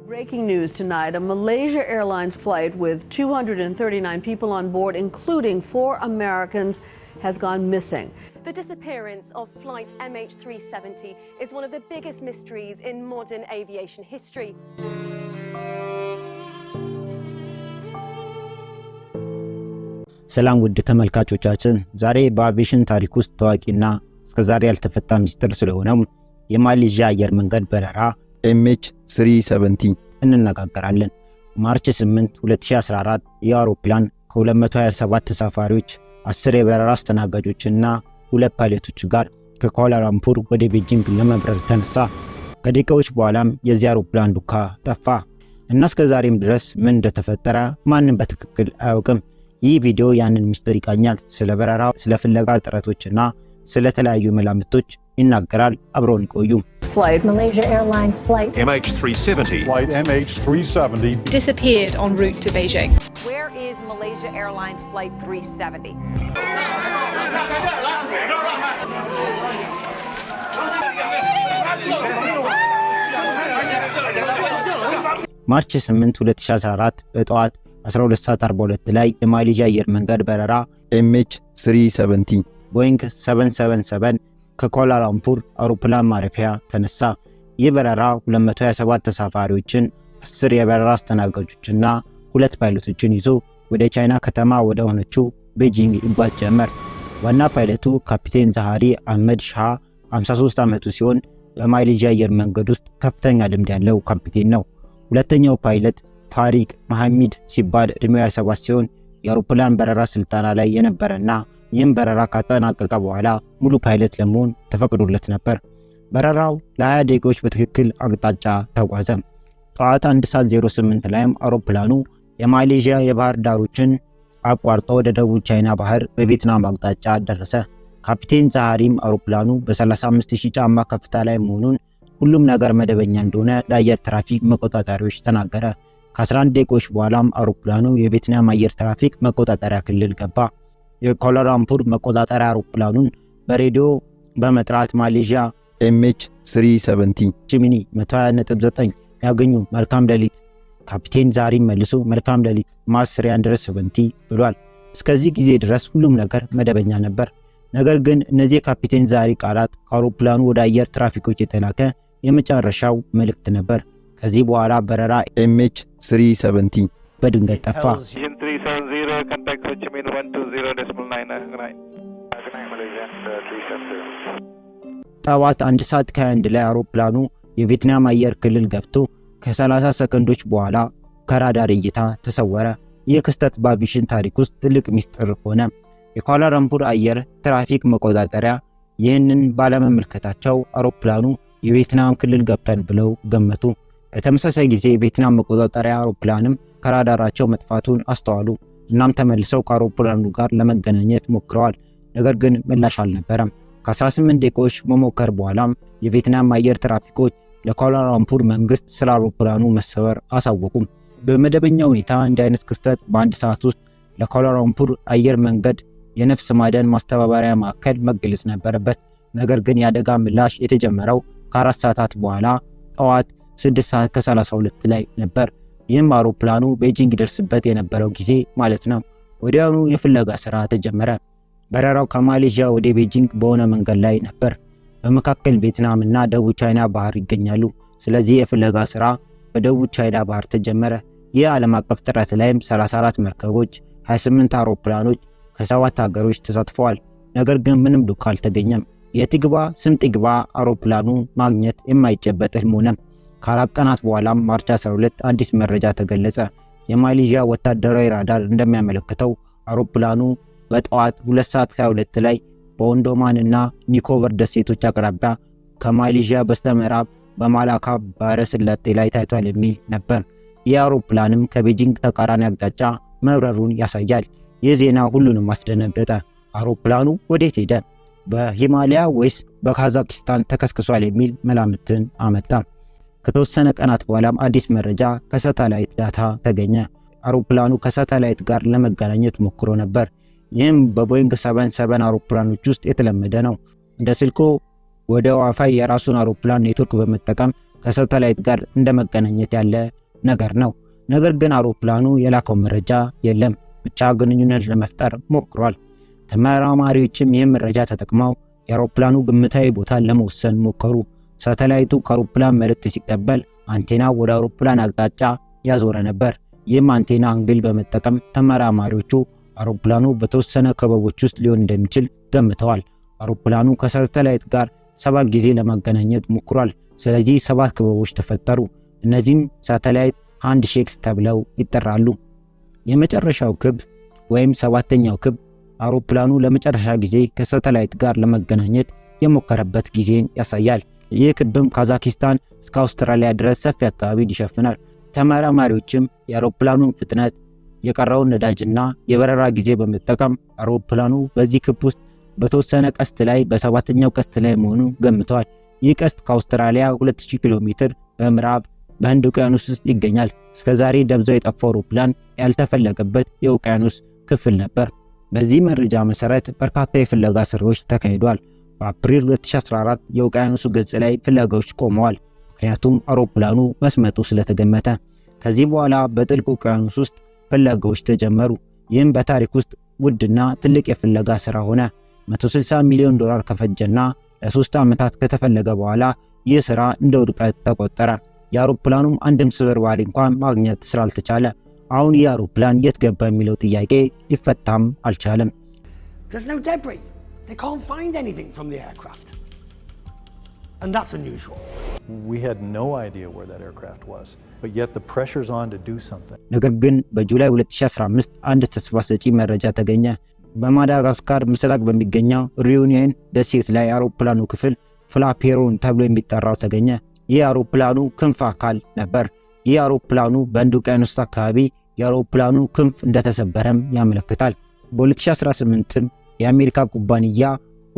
Breaking news tonight a Malaysia Airlines flight with 239 people on board, including four Americans, has gone missing. The disappearance of flight MH370 is one of the biggest mysteries in modern aviation history. ሰላም ውድ ተመልካቾቻችን፣ ዛሬ በአቪዬሽን ታሪክ ውስጥ ታዋቂና እስከዛሬ ያልተፈታ ሚስጥር ስለሆነው የማሌዥያ አየር መንገድ በረራ ኤምኤች 370 እንነጋገራለን። ማርች 8 2014 የአውሮፕላን አውሮፕላን ከ227 ተሳፋሪዎች 10 የበረራ አስተናጋጆችና ሁለት ፓይለቶች ጋር ከኳላላምፑር ወደ ቤጂንግ ለመብረር ተነሳ። ከደቂቃዎች በኋላም የዚህ አውሮፕላን ዱካ ጠፋ እና እስከ ዛሬም ድረስ ምን እንደተፈጠረ ማንም በትክክል አያውቅም። ይህ ቪዲዮ ያንን ምስጢር ይቃኛል። ስለ በረራ፣ ስለ ፍለጋ ጥረቶችና ስለተለያዩ መላምቶች ይናገራል። አብረውን ቆዩ። flight, Malaysia Airlines flight MH370, flight MH370, disappeared en route to Beijing. Where is Malaysia Airlines flight 370? ማርች 8 2014 12 ሰዓት 42 ላይ የማሌዥያ አየር መንገድ በረራ ኤምኤች 370 ቦይንግ 777 ከኳላላምፑር አውሮፕላን ማረፊያ ተነሳ። ይህ በረራ 227 ተሳፋሪዎችን፣ 10 የበረራ አስተናጋጆችና ሁለት ፓይለቶችን ይዞ ወደ ቻይና ከተማ ወደ ሆነችው ቤጂንግ ይጓዝ ጀመር። ዋና ፓይለቱ ካፒቴን ዛሃሪ አህመድ ሻ 53 ዓመቱ ሲሆን በማሌዥያ አየር መንገድ ውስጥ ከፍተኛ ልምድ ያለው ካፒቴን ነው። ሁለተኛው ፓይለት ታሪክ መሐሚድ ሲባል ዕድሜው 27 ሲሆን የአውሮፕላን በረራ ስልጠና ላይ የነበረና ይህም በረራ ካጠናቀቀ በኋላ ሙሉ ፓይለት ለመሆን ተፈቅዶለት ነበር። በረራው ለሀያ ደቂቃዎች በትክክል አቅጣጫ ተጓዘ። ጠዋት 1 ሰዓት 08 ላይም አውሮፕላኑ የማሌዥያ የባህር ዳሮችን አቋርጦ ወደ ደቡብ ቻይና ባህር በቬትናም አቅጣጫ ደረሰ። ካፒቴን ዛሃሪም አውሮፕላኑ በ35000 ጫማ ከፍታ ላይ መሆኑን ሁሉም ነገር መደበኛ እንደሆነ ለአየር ትራፊክ መቆጣጠሪያዎች ተናገረ። ከ11 ደቂቃዎች በኋላም አውሮፕላኑ የቬትናም አየር ትራፊክ መቆጣጠሪያ ክልል ገባ። የኮላላምፑር መቆጣጠሪያ አውሮፕላኑን በሬዲዮ በመጥራት ማሌዥያ ኤምኤች 370 ጂሚኒ 129 ያገኙ። መልካም ሌሊት ካፒቴን ዛሬም መልሶ መልካም ሌሊት ማስ 370 ብሏል። እስከዚህ ጊዜ ድረስ ሁሉም ነገር መደበኛ ነበር። ነገር ግን እነዚህ የካፒቴን ዛሪ ቃላት ከአውሮፕላኑ ወደ አየር ትራፊኮች የተላከ የመጨረሻው መልእክት ነበር። ከዚህ በኋላ በረራ ኤምኤች 370 በድንገት ጠፋ። 370, contact Ho Chi Minh ጠዋት አንድ ሰዓት ከ ላይ አውሮፕላኑ የቪየትናም አየር ክልል ገብቶ ከ30 ሰከንዶች በኋላ ከራዳር እይታ ተሰወረ። ይህ ክስተት በአቪሽን ታሪክ ውስጥ ትልቅ ሚስጥር ሆነ። የኳላላምፑር አየር ትራፊክ መቆጣጠሪያ ይህንን ባለመመልከታቸው አውሮፕላኑ የቪየትናም ክልል ገብቷል ብለው ገመቱ። በተመሳሳይ ጊዜ የቪየትናም መቆጣጠሪያ አውሮፕላንም ከራዳራቸው መጥፋቱን አስተዋሉ። እናም ተመልሰው ከአውሮፕላኑ ጋር ለመገናኘት ሞክረዋል። ነገር ግን ምላሽ አልነበረም። ከ18 ደቂቃዎች መሞከር በኋላም የቬትናም አየር ትራፊኮች ለኳላላምፑር መንግስት ስለ አውሮፕላኑ መሰበር አሳወቁም። በመደበኛ ሁኔታ እንዲህ አይነት ክስተት በአንድ ሰዓት ውስጥ ለኳላላምፑር አየር መንገድ የነፍስ ማደን ማስተባበሪያ ማዕከል መገለጽ ነበረበት። ነገር ግን የአደጋ ምላሽ የተጀመረው ከአራት ሰዓታት በኋላ ጠዋት 6 ሰዓት ከ32 ላይ ነበር። ይህም አውሮፕላኑ ቤጂንግ ይደርስበት የነበረው ጊዜ ማለት ነው። ወዲያውኑ የፍለጋ ስራ ተጀመረ። በረራው ከማሌዥያ ወደ ቤጂንግ በሆነ መንገድ ላይ ነበር። በመካከል ቬትናም እና ደቡብ ቻይና ባህር ይገኛሉ። ስለዚህ የፍለጋ ስራ በደቡብ ቻይና ባህር ተጀመረ። ይህ ዓለም አቀፍ ጥረት ላይም 34 መርከቦች፣ 28 አውሮፕላኖች ከሰባት ሀገሮች ተሳትፈዋል። ነገር ግን ምንም ዱካ አልተገኘም። የትግባ ስም ቲግባ አውሮፕላኑ ማግኘት የማይጨበጥ ህልም ሆነም። ከአራት ቀናት በኋላም ማርች 12 አዲስ መረጃ ተገለጸ። የማሌዥያ ወታደራዊ ራዳር እንደሚያመለክተው አውሮፕላኑ በጠዋት 2 ሰዓት 22 ላይ በወንዶማን እና ኒኮበር ደሴቶች አቅራቢያ ከማሌዥያ በስተምዕራብ በማላካ ባሕረ ስላጤ ላይ ታይቷል የሚል ነበር። ይህ አውሮፕላንም ከቤጂንግ ተቃራኒ አቅጣጫ መብረሩን ያሳያል። ይህ ዜና ሁሉንም አስደነገጠ። አውሮፕላኑ ወዴት ሄደ? በሂማሊያ ወይስ በካዛኪስታን ተከስክሷል የሚል መላምትን አመጣ። ከተወሰነ ቀናት በኋላም አዲስ መረጃ ከሳተላይት ዳታ ተገኘ። አውሮፕላኑ ከሳተላይት ጋር ለመገናኘት ሞክሮ ነበር። ይህም በቦይንግ 77 አውሮፕላኖች ውስጥ የተለመደ ነው። እንደ ስልኮ ወደ ዋፋይ የራሱን አውሮፕላን ኔትወርክ በመጠቀም ከሳተላይት ጋር እንደ መገናኘት ያለ ነገር ነው። ነገር ግን አውሮፕላኑ የላከው መረጃ የለም፣ ብቻ ግንኙነት ለመፍጠር ሞክሯል። ተመራማሪዎችም ይህም መረጃ ተጠቅመው የአውሮፕላኑ ግምታዊ ቦታ ለመወሰን ሞከሩ። ሳተላይቱ ከአውሮፕላን መልእክት ሲቀበል አንቴና ወደ አውሮፕላን አቅጣጫ ያዞረ ነበር። ይህም አንቴና አንግል በመጠቀም ተመራማሪዎቹ አውሮፕላኑ በተወሰነ ክበቦች ውስጥ ሊሆን እንደሚችል ገምተዋል። አውሮፕላኑ ከሳተላይት ጋር ሰባት ጊዜ ለማገናኘት ሞክሯል። ስለዚህ ሰባት ክበቦች ተፈጠሩ። እነዚህም ሳተላይት ሃንድ ሼክስ ተብለው ይጠራሉ። የመጨረሻው ክብ ወይም ሰባተኛው ክብ አውሮፕላኑ ለመጨረሻ ጊዜ ከሳተላይት ጋር ለመገናኘት የሞከረበት ጊዜን ያሳያል። ይህ ክብም ካዛኪስታን እስከ አውስትራሊያ ድረስ ሰፊ አካባቢን ይሸፍናል። ተመራማሪዎችም የአውሮፕላኑን ፍጥነት፣ የቀረውን ነዳጅና የበረራ ጊዜ በመጠቀም አውሮፕላኑ በዚህ ክብ ውስጥ በተወሰነ ቀስት ላይ በሰባተኛው ቀስት ላይ መሆኑ ገምተዋል። ይህ ቀስት ከአውስትራሊያ 200 ኪሎ ሜትር በምዕራብ በህንድ ውቅያኖስ ውስጥ ይገኛል። ዛሬ ደብዛው የጠፋ አውሮፕላን ያልተፈለገበት የውቅያኖስ ክፍል ነበር። በዚህ መረጃ መሰረት በርካታ የፍለጋ ስራዎች ተካሂዷል። በአፕሪል 2014 የውቅያኖሱ ገጽ ላይ ፍለጋዎች ቆመዋል። ምክንያቱም አውሮፕላኑ መስመጡ ስለተገመተ። ከዚህ በኋላ በጥልቅ ውቅያኖስ ውስጥ ፍለጋዎች ተጀመሩ። ይህም በታሪክ ውስጥ ውድና ትልቅ የፍለጋ ሥራ ሆነ። 160 ሚሊዮን ዶላር ከፈጀና ለሶስት ዓመታት ከተፈለገ በኋላ ይህ ሥራ እንደ ውድቀት ተቆጠረ። የአውሮፕላኑም አንድም ስብርባሪ እንኳን ማግኘት ስላልተቻለ አሁን ይህ አውሮፕላን የት ገባ የሚለው ጥያቄ ሊፈታም አልቻለም። They can't find anything from the aircraft. And that's unusual. We had no idea where that aircraft was, but yet the pressure's on to do something. ነገር ግን በጁላይ 2015 አንድ ተስፋ ሰጪ መረጃ ተገኘ። በማዳጋስካር ምስራቅ በሚገኘው ሪዩኒየን ደሴት ላይ አውሮፕላኑ ክፍል ፍላፔሮን ተብሎ የሚጠራው ተገኘ። ይህ አውሮፕላኑ ክንፍ አካል ነበር። ይህ አውሮፕላኑ በህንድ ውቅያኖስ አካባቢ የአውሮፕላኑ ክንፍ እንደተሰበረም ያመለክታል። በ2018ም የአሜሪካ ኩባንያ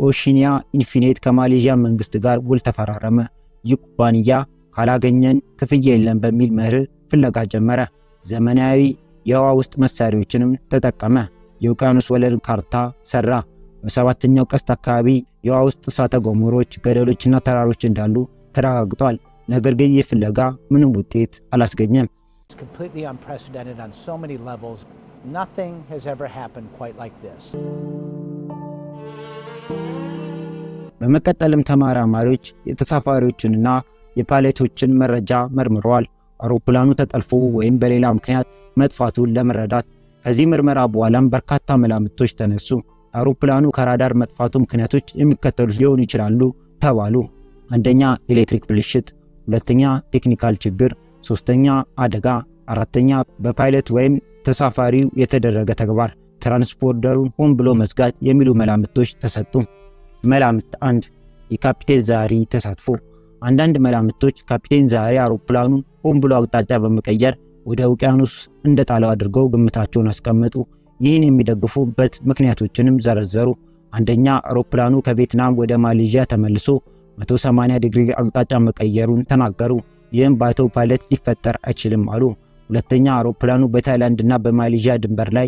ኦሺኒያ ኢንፊኔት ከማሌዥያ መንግስት ጋር ውል ተፈራረመ። ይህ ኩባንያ ካላገኘን ክፍያ የለም በሚል መርህ ፍለጋ ጀመረ። ዘመናዊ የውሃ ውስጥ መሳሪያዎችንም ተጠቀመ። የውቅያኖስ ወለል ካርታ ሰራ። በሰባተኛው ቀስት አካባቢ የውሃ ውስጥ እሳተ ገሞሮች፣ ገደሎችና ተራሮች እንዳሉ ተረጋግጧል። ነገር ግን ይህ ፍለጋ ምንም ውጤት አላስገኘም። It's completely unprecedented on so many levels. Nothing has ever happened quite like this. በመቀጠልም ተመራማሪዎች የተሳፋሪዎችንና የፓይለቶችን መረጃ መርምረዋል። አውሮፕላኑ ተጠልፎ ወይም በሌላ ምክንያት መጥፋቱን ለመረዳት ከዚህ ምርመራ በኋላም በርካታ መላምቶች ተነሱ። አውሮፕላኑ ከራዳር መጥፋቱ ምክንያቶች የሚከተሉት ሊሆኑ ይችላሉ ተባሉ። አንደኛ ኤሌክትሪክ ብልሽት፣ ሁለተኛ ቴክኒካል ችግር፣ ሶስተኛ አደጋ፣ አራተኛ በፓይለት ወይም ተሳፋሪው የተደረገ ተግባር። ትራንስፖርደሩን ሆን ብሎ መዝጋት የሚሉ መላምቶች ተሰጡ። መላምት አንድ የካፒቴን ዛሪ ተሳትፎ። አንዳንድ መላምቶች ካፒቴን ዛሪ አውሮፕላኑን ሆን ብሎ አቅጣጫ በመቀየር ወደ ውቅያኖስ እንደጣለው አድርገው ግምታቸውን አስቀመጡ። ይህን የሚደግፉበት ምክንያቶችንም ዘረዘሩ። አንደኛ አውሮፕላኑ ከቬትናም ወደ ማሌዥያ ተመልሶ 180 ዲግሪ አቅጣጫ መቀየሩን ተናገሩ። ይህም በአውቶ ፓይለት ሊፈጠር አይችልም አሉ። ሁለተኛ አውሮፕላኑ በታይላንድ እና በማሌዥያ ድንበር ላይ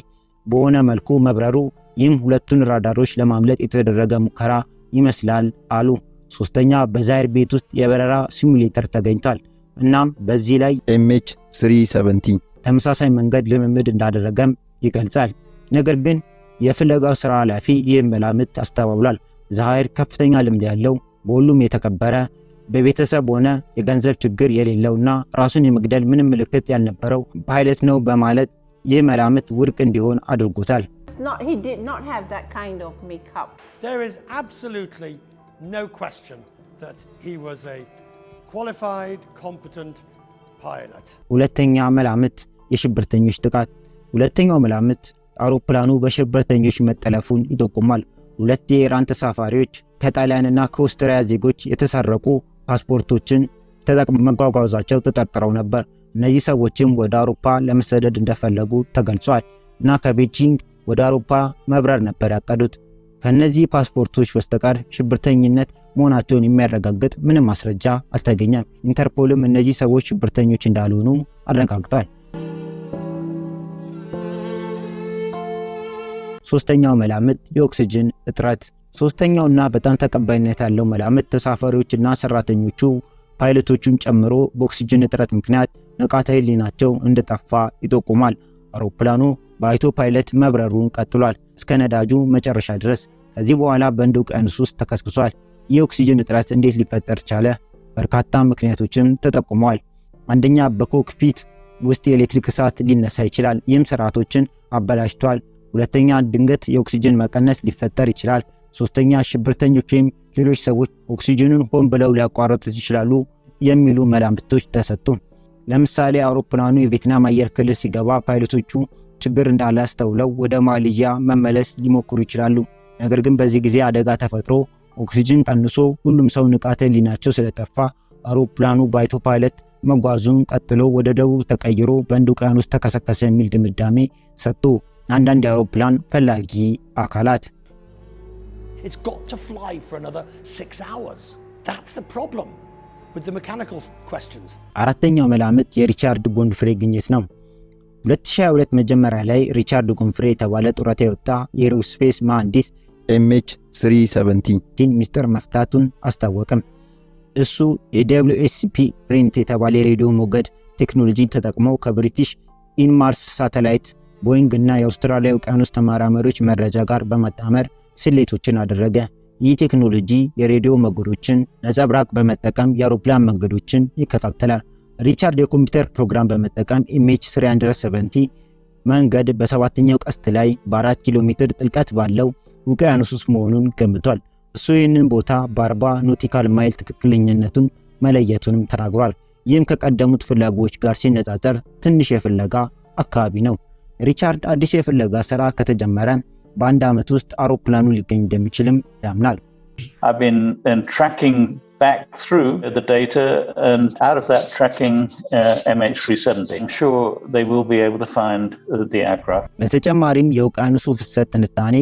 በሆነ መልኩ መብረሩ ይህም ሁለቱን ራዳሮች ለማምለጥ የተደረገ ሙከራ ይመስላል አሉ። ሶስተኛ በዛይር ቤት ውስጥ የበረራ ሲሙሌተር ተገኝቷል። እናም በዚህ ላይ ኤምኤች 370 ተመሳሳይ መንገድ ልምምድ እንዳደረገም ይገልጻል። ነገር ግን የፍለጋው ስራ ኃላፊ ይህም መላምት አስተባብሏል። ዛይር ከፍተኛ ልምድ ያለው በሁሉም የተከበረ በቤተሰብ ሆነ የገንዘብ ችግር የሌለውና ራሱን የመግደል ምንም ምልክት ያልነበረው ፓይለት ነው በማለት ይህ መላምት ውድቅ እንዲሆን አድርጎታል። ሁለተኛ መላምት የሽብርተኞች ጥቃት። ሁለተኛው መላምት አውሮፕላኑ በሽብርተኞች መጠለፉን ይጠቁማል። ሁለት የኢራን ተሳፋሪዎች ከጣሊያንና ከኦስትሪያ ዜጎች የተሰረቁ ፓስፖርቶችን ተጠቅመው መጓጓዛቸው ተጠርጥረው ነበር። እነዚህ ሰዎችም ወደ አውሮፓ ለመሰደድ እንደፈለጉ ተገልጿል እና ከቤጂንግ ወደ አውሮፓ መብረር ነበር ያቀዱት። ከእነዚህ ፓስፖርቶች በስተቀር ሽብርተኝነት መሆናቸውን የሚያረጋግጥ ምንም ማስረጃ አልተገኘም። ኢንተርፖልም እነዚህ ሰዎች ሽብርተኞች እንዳልሆኑ አረጋግጧል። ሶስተኛው መላምት የኦክስጅን እጥረት። ሶስተኛውና በጣም ተቀባይነት ያለው መላምት ተሳፋሪዎችና ሰራተኞቹ ፓይለቶቹን ጨምሮ በኦክሲጅን እጥረት ምክንያት ንቃተ ህሊናቸው እንደጠፋ ይጠቁማል። አውሮፕላኑ በአይቶ ፓይለት መብረሩን ቀጥሏል እስከ ነዳጁ መጨረሻ ድረስ። ከዚህ በኋላ በህንድ ውቅያኖስ ውስጥ ተከስክሷል። የኦክሲጅን እጥረት እንዴት ሊፈጠር ቻለ? በርካታ ምክንያቶችም ተጠቁመዋል። አንደኛ በኮክፒት ውስጥ የኤሌክትሪክ እሳት ሊነሳ ይችላል። ይህም ስርዓቶችን አበላሽቷል። ሁለተኛ ድንገት የኦክሲጅን መቀነስ ሊፈጠር ይችላል። ሶስተኛ ሽብርተኞች ወይም ሌሎች ሰዎች ኦክሲጅኑን ሆን ብለው ሊያቋረጡት ይችላሉ የሚሉ መላምቶች ተሰጡ። ለምሳሌ አውሮፕላኑ የቬትናም አየር ክልል ሲገባ ፓይለቶቹ ችግር እንዳለ አስተውለው ወደ ማልያ መመለስ ሊሞክሩ ይችላሉ። ነገር ግን በዚህ ጊዜ አደጋ ተፈጥሮ ኦክሲጅን ቀንሶ ሁሉም ሰው ንቃተ ሊናቸው ስለጠፋ አውሮፕላኑ ባይቶ ፓይለት መጓዙን ቀጥሎ ወደ ደቡብ ተቀይሮ በህንድ ውቅያኖስ ተከሰከሰ የሚል ድምዳሜ ሰጡ አንዳንድ የአውሮፕላን ፈላጊ አካላት። It's got to fly for another six hours. That's the problem with the mechanical questions. አራተኛው መላምት የሪቻርድ ጎንፍሬ ግኝት ነው። 2022 መጀመሪያ ላይ ሪቻርድ ጎንፍሬ የተባለ ጡረታ የወጣ የኤሮስፔስ መሐንዲስ ኤምኤች 317 ሚስጥር መፍታቱን አስታወቅም። እሱ የደብሊውኤስፒ ፕሪንት የተባለ የሬዲዮ ሞገድ ቴክኖሎጂን ተጠቅሞ ከብሪቲሽ ኢንማርስ ሳተላይት ቦይንግ እና የአውስትራሊያ ውቅያኖስ ተመራማሪዎች መረጃ ጋር በመጣመር ስሌቶችን አደረገ። ይህ ቴክኖሎጂ የሬዲዮ መንገዶችን ነጸብራቅ በመጠቀም የአውሮፕላን መንገዶችን ይከታተላል። ሪቻርድ የኮምፒውተር ፕሮግራም በመጠቀም ኢሜጅ 370 መንገድ በሰባተኛው ቀስት ላይ በአራት ኪሎ ሜትር ጥልቀት ባለው ውቅያኖስ ውስጥ መሆኑን ገምቷል። እሱ ይህንን ቦታ በአርባ ኖቲካል ማይል ትክክለኛነቱን መለየቱንም ተናግሯል። ይህም ከቀደሙት ፍለጋዎች ጋር ሲነጻጸር ትንሽ የፍለጋ አካባቢ ነው። ሪቻርድ አዲስ የፍለጋ ሥራ ከተጀመረ በአንድ ዓመት ውስጥ አውሮፕላኑ ሊገኝ እንደሚችልም ያምናል። um, back through the data and out of that tracking uh, MH370. I'm sure they will be able to find uh, the aircraft. በተጨማሪም የውቅያኖሱ ፍሰት ትንታኔ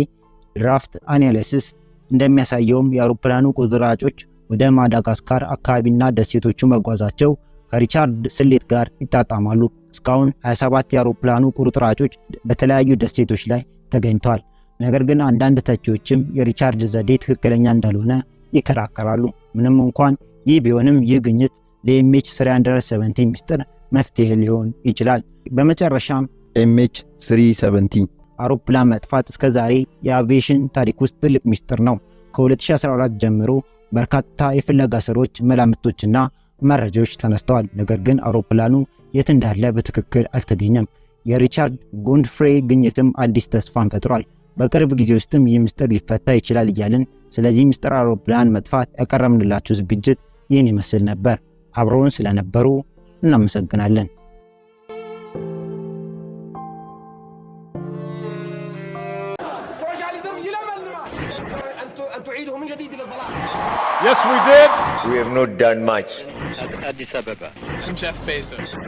ድራፍት አናሊሲስ እንደሚያሳየውም የአውሮፕላኑ ቁርጥራጮች ወደ ማዳጋስካር አካባቢና ደሴቶቹ መጓዛቸው ከሪቻርድ ስሌት ጋር ይጣጣማሉ። እስካሁን 27 የአውሮፕላኑ ቁርጥራጮች በተለያዩ ደሴቶች ላይ ተገኝተዋል። ነገር ግን አንዳንድ ተቺዎችም የሪቻርድ ዘዴ ትክክለኛ እንዳልሆነ ይከራከራሉ። ምንም እንኳን ይህ ቢሆንም ይህ ግኝት ለኤምኤች 317 ምስጢር መፍትሄ ሊሆን ይችላል። በመጨረሻም ኤምኤች 317 አውሮፕላን መጥፋት እስከ ዛሬ የአቪዬሽን ታሪክ ውስጥ ትልቅ ምስጢር ነው። ከ2014 ጀምሮ በርካታ የፍለጋ ስሮች፣ መላምቶችና መረጃዎች ተነስተዋል። ነገር ግን አውሮፕላኑ የት እንዳለ በትክክል አልተገኘም። የሪቻርድ ጎንፍሬ ግኝትም አዲስ ተስፋን ፈጥሯል። በቅርብ ጊዜ ውስጥም ይህ ምስጢር ሊፈታ ይችላል እያልን ስለዚህ ምስጢር አውሮፕላን መጥፋት ያቀረብንላችሁ ዝግጅት ይህን ይመስል ነበር። አብረውን ስለነበሩ እናመሰግናለን። Yes, we did. We have not done much. Addis Ababa. I'm Jeff Bezos.